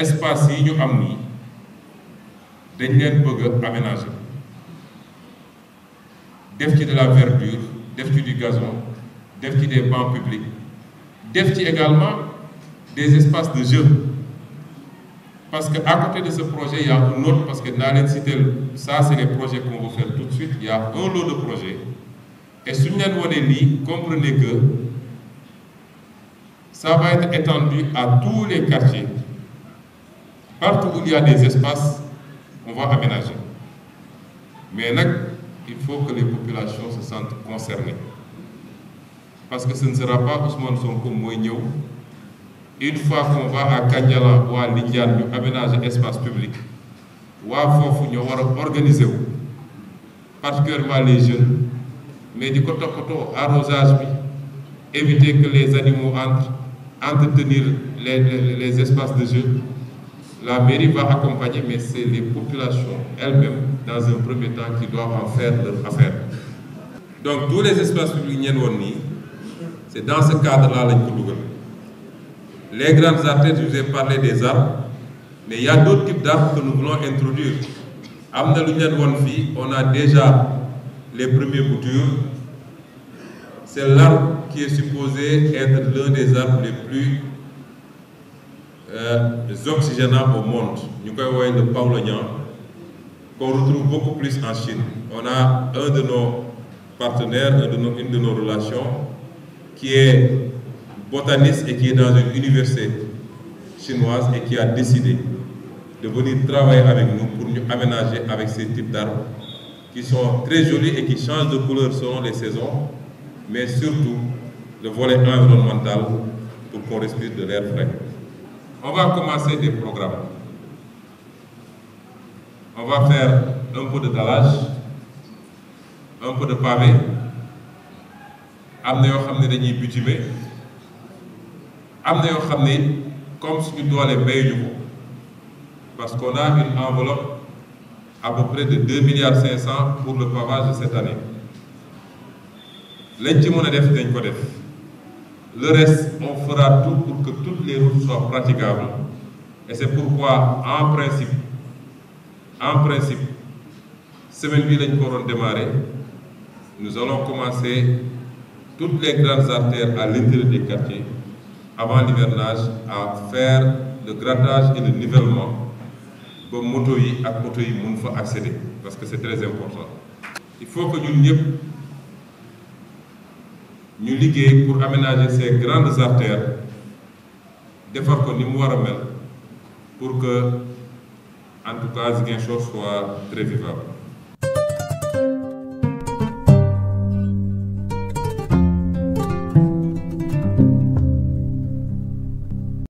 espace yi ñu am nii dañ bëgg de la verdure def ci du gazon def des bancs publics def ci également des espaces de jeu parce qu'à côté de ce projet il y a un autre parce que dans les ça c'est les projets qu'on va faire tout de suite il y a un lot de projets et souvenez vous voulez, lits comprenez que ça va être étendu à tous les quartiers Partout où il y a des espaces, on va aménager. Mais là, il faut que les populations se sentent concernées. Parce que ce ne sera pas Ousmane Sonko Moigno. Une fois qu'on va à Kanyala ou à Lidiane, nous aménager espace public. Ou à Fofu, nous allons organiser. Particulièrement les jeunes. Mais du côté arrosage, éviter que les animaux entrent, entretenir les, espaces de jeu. La mairie va accompagner, mais c'est les populations elles-mêmes, dans un premier temps, qui doivent en faire leur affaire. Donc, tous les espaces publics, c'est dans ce cadre-là que Les grandes artères, je vous ai parlé des arbres, mais il y a d'autres types d'arbres que nous voulons introduire. Amna on a déjà les premiers boutures. C'est l'arbre qui est supposé être l'un des arbres les plus euh, les oxygénables au monde. Nous voir le Paulignan, qu'on retrouve beaucoup plus en Chine. On a un de nos partenaires, de une de nos relations, qui est botaniste et qui est dans une université chinoise et qui a décidé de venir travailler avec nous pour nous aménager avec ces types d'arbres qui sont très jolis et qui changent de couleur selon les saisons, mais surtout le volet environnemental pour qu'on respire de l'air frais. On va commencer des programmes. On va faire un peu de dallage, un peu de pavé. Amener, peu de xam un dañuy de am comme ce comme parce qu'on a une enveloppe à peu près de 2,5 milliards pour le pavage de cette année Les ci def le reste, on fera tout pour que toutes les routes soient praticables. Et c'est pourquoi, en principe, en principe, semaine bi lañ ko démarrer nous allons commencer toutes les grandes artères à l'intérieur des quartiers avant l'hivernage à faire le grattage et le nivellement pour moto les motos et les motos accéder parce que c'est très important il faut que nous ñu liggéey pour aménager ces grandes artères defar ko ni mu war a mel pour que en tout cas chose soit très vivable